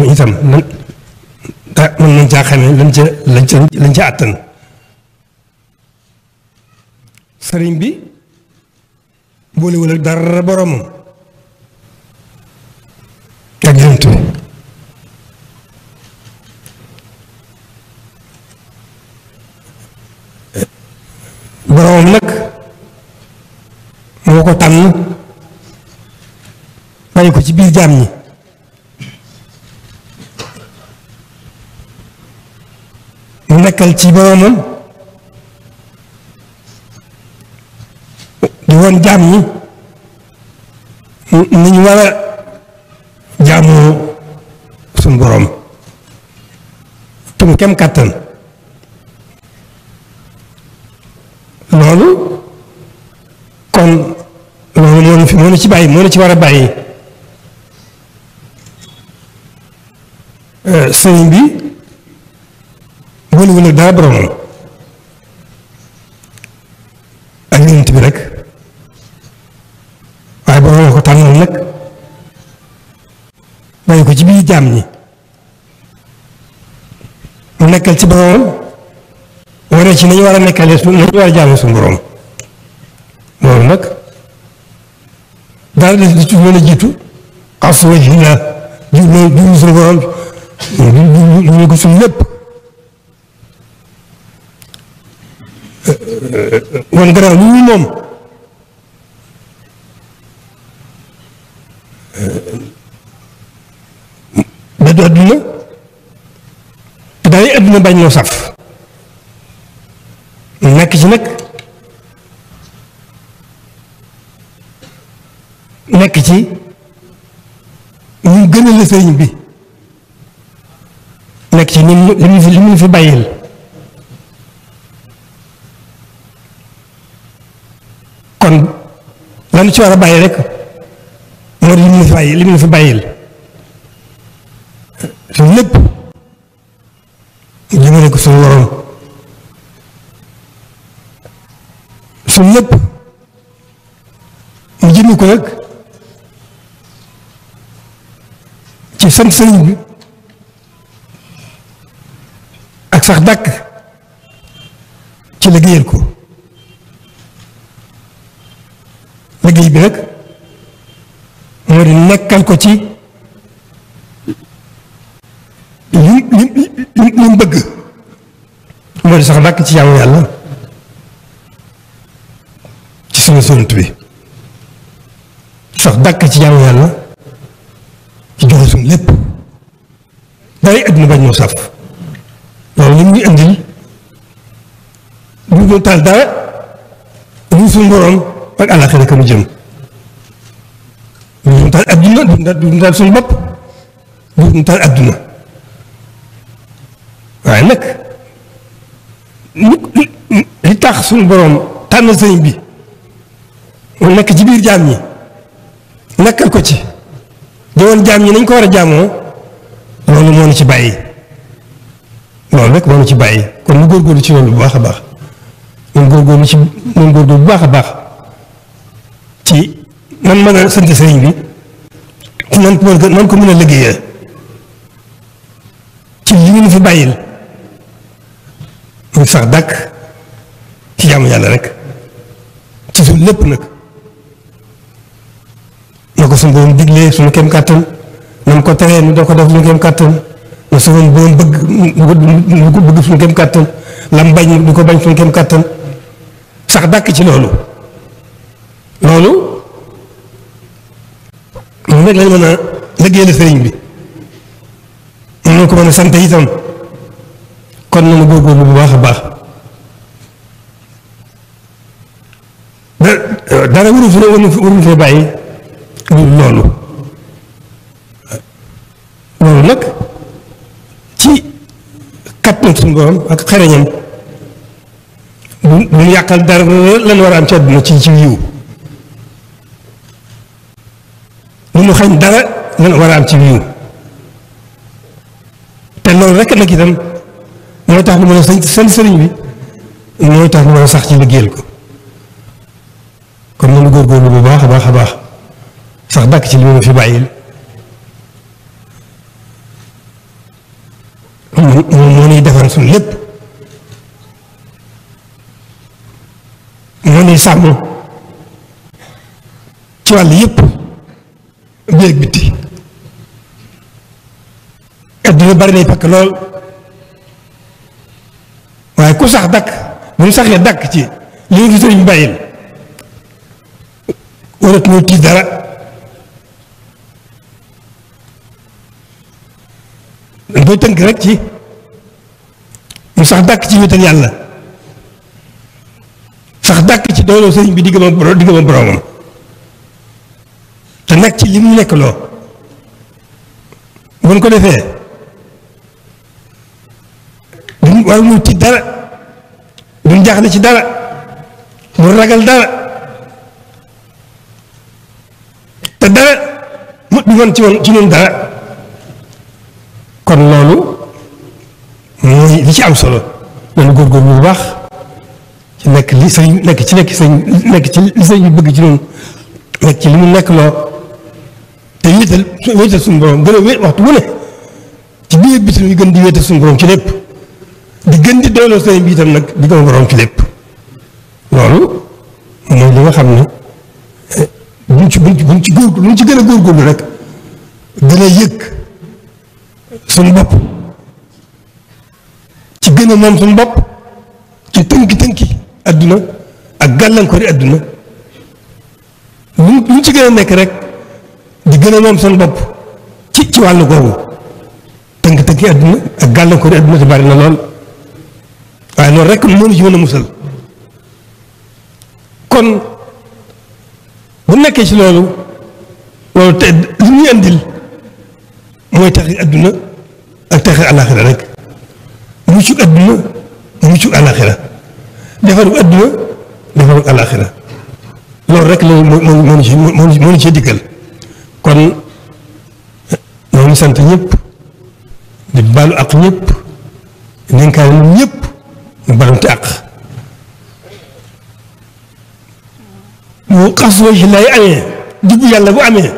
mu itam lan daa mën nañ caa xamee lan ca lañ ca lañ ca àttan sëriñ bi boolewul ak dara boromam ak yonent boromam nag moo ko tànn bàyyi ko ci biir jaam ñi sakkal ci boroomam di woon jaam ñi ni ñu war a tum kem kàttan loolu kon loolu moo fi moo ci bàyyi moo ci war a bàyyi eh, wëliwul ak dara borom la ak yonent bi rek waaye borom la ko tànnal nag bàyyi ko ci biir jaam ñi mu nekkal ci boromam wane ci nañu war a nekkale su nañu war a jaamu suñu borom loolu nag daal di ci mën a jiitu xas wajhi la jublu jublu suñu borom jublu ko suñu lépp wan gannaaw lu ñu moom da du adduna te daanay adduna bañ noo saf nekk ci nag nekk ci ñu gën a sëriñ bi nekk ci li mu li mu fi bàyyil kon lanu ci war a bàyyi rek moo lim li fi bàyyi li mu fi bàyyil te lépp jëmale ko suñu worom suñu lépp mu jëmi ko rek ci sant sëriñ ak sax dàkk ci liggéeyal ko liggéey bi nag moo di nekkal ko ci li li li bëgg moo di sax dàkk ci yàlla yàlla ci sunu sorante bi sax dàkk ci yàlla yàlla ci joxe suñu lépp bàyyi àdduna bañ moo saf loolu lim ñu indil bu ñu taal dara lu suñu borom. ak àllaaxira ka mu jëm bu ñu taal adduna bu suñu bopp bu ñu taal adduna waaye nag li tax suñu boroom tànn sëñ bi mu nekk ci biir jaam yi nekkal ko ci jawoon jaam yi nañ ko war a jaamoo loolu moo ñu ci bàyyi loolu rek moo ñu ci bàyyi kon mu góorgóorlu ci loolu bu baax a baax moom góorgóorlu ci moom bu baax a baax ci nan mën a sant sëriñ bi ci nan nan ko mën a liggéeyee ci li ngeen fi bàyyil mu sax dàkk ci jaamu yàlla rek ci suñ lépp nag na ko suñ boroom diglee suñu kem kàttan na mu ko teree nu doo ko def suñu kem kàttan na suñu boroom bëgg bëgg suñu kem kàttan lam bañ du ko bañ suñu kem kàttan sax dàkk ci loolu rek lañ mën a liggéeyal sëriñ bi noonu ko mën a sant itam kon nanu góorgóorlu bu baax a baax dara waru fee waru fee bàyyi loolu loolu nag ci kàttan suñu borom ak xereñam bu mu yàqal dara lan war a am ci àdduna ci ci yiw nu xañ dara lan war ci biir te loolu rek nag itam mooy tax nu mën a sañ seen sëriñ bi mooy tax nu mën sax ci liggéeyal ko kon nañu góorgóorlu bu baax a baax a baax sax dàkk ci li mu fi bàyyil moom moo ñuy defar suñu lépp moo ñuy sàmm ci wàll yépp biir bitti adduna bari nay pakk lool waaye ku sax dakk mun saxee dakk ci li nga fi sëriñ bàyyil waratuloo tiit dara dañ koy tënk rek ci mu sax dàkk ci wéetal yàlla sax dàkk ci dooloo sëriñ bi diggam ak boroomam nag ci li mu nekk loo buñ ko defee duñ mu ci dara duñ jaaxle ci dara mu ragal dara te dara mu du woon ci woon ci noonu dara kon loolu mooy li ci am solo loolu góorgóorlu bu baax ci nekk li sëñ nekk ci nekk sëñ nekk ci li nekk ci li nekk loo te wéetal wéetal suñu gën a wé waxtu wu ne ci biir bitim ñu gën di wéetal suñu ci lépp di gën di dooloo sëriñ bi itam nag di gën a borom ci lépp loolu mooy li nga xam ne eh, buñ ci buñ ci buñ ci góor luñ ci gën a góorgóorlu rek gën a yëg suñu ci gën a moom suñu bopp ci tënki-tënki adduna ak gàllankoori adduna mu luñ ci gën a nekk rek. di gën a moom seen bopp ci ci wàllu googu tënk-tënki àdduna ak gàllankoori àdduna te bari na lool waaye loolu rek mënu ci mën musal kon bu nekkee ci loolu loolu te li ñuy andil mooy taxi àdduna ak taxi alaxira rek muccu àdduna muccu alaxira defaru àdduna defaru alaxira loolu rek la moo moo moo ñu ci moo ñu ci dikkal kon ñoo ngi sant ñëpp di balu ak ñëpp dénkaane ñëpp ñu balante ak bu xas wa lay amee diggu yàlla bu amee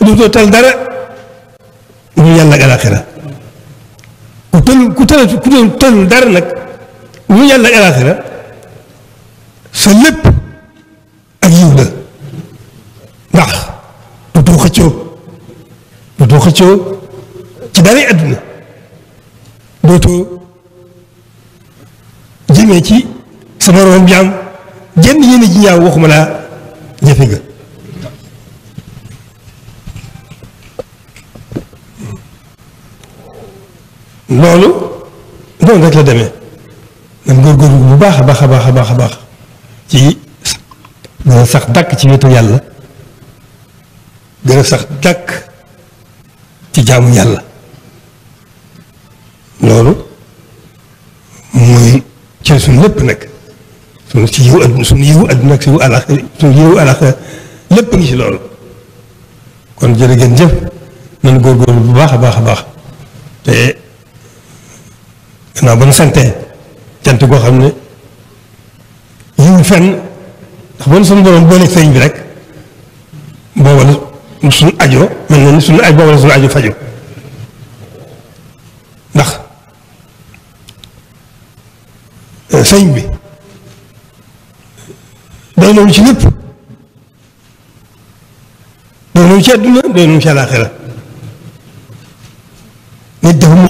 du too tal dara ñu yàlla ak alaxira ku tël ku tël ku tël dara nag ñu yàlla sa lépp xëccoo ci dara àdduna dootoo jëmee ci sama moroom jaam jenn yéene ji ñaaw waxuma laa jafe nga loolu doon rek la demee man góorgóorlu bu baax a baax a baax a baax a baax ci gën a sax dàkk ci wetu yàlla gën a sax dàkk ci jaamu yàlla loolu muy ci suñ lépp nag suñ ci yiw adduna suñ yiw adduna alax suñ yiw alax lépp ngi ci loolu kon jërë gën jëf nañ góor bu baax a baax a baax te gannaaw ba nu santee cant goo xam ne yiw fenn ndax ba nu suñu borom booleeg sëñ bi rek boobal suñu ajo mel na ni suñu aj boobu la suñu ajo fajo ndax euh, sëñ bi doy nañu ci lépp doy nañu ci àdduna doy nañu ci àlaaxira nit dafa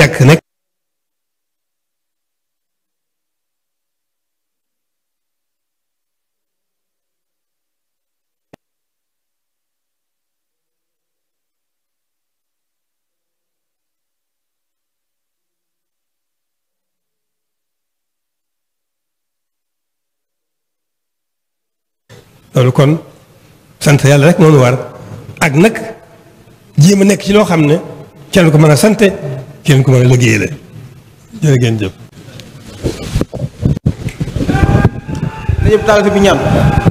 ñàkk nag loolu kon sant yàlla rek noonu war ak nag jéem ma nekk ci loo xam ne ca la ko mën a sante kenn ku mën a liggéeyale jërë bi ñaan.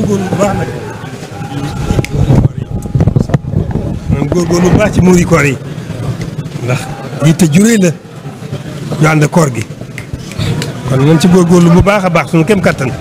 góorgóorlu bu baax nag. maanaam góorgóorlu bu baax ci muuri koor yi. ndax yitte juree la ñu koor gi. kon nañ ci góorgóorlu bu baax a baax suñu kem kattan.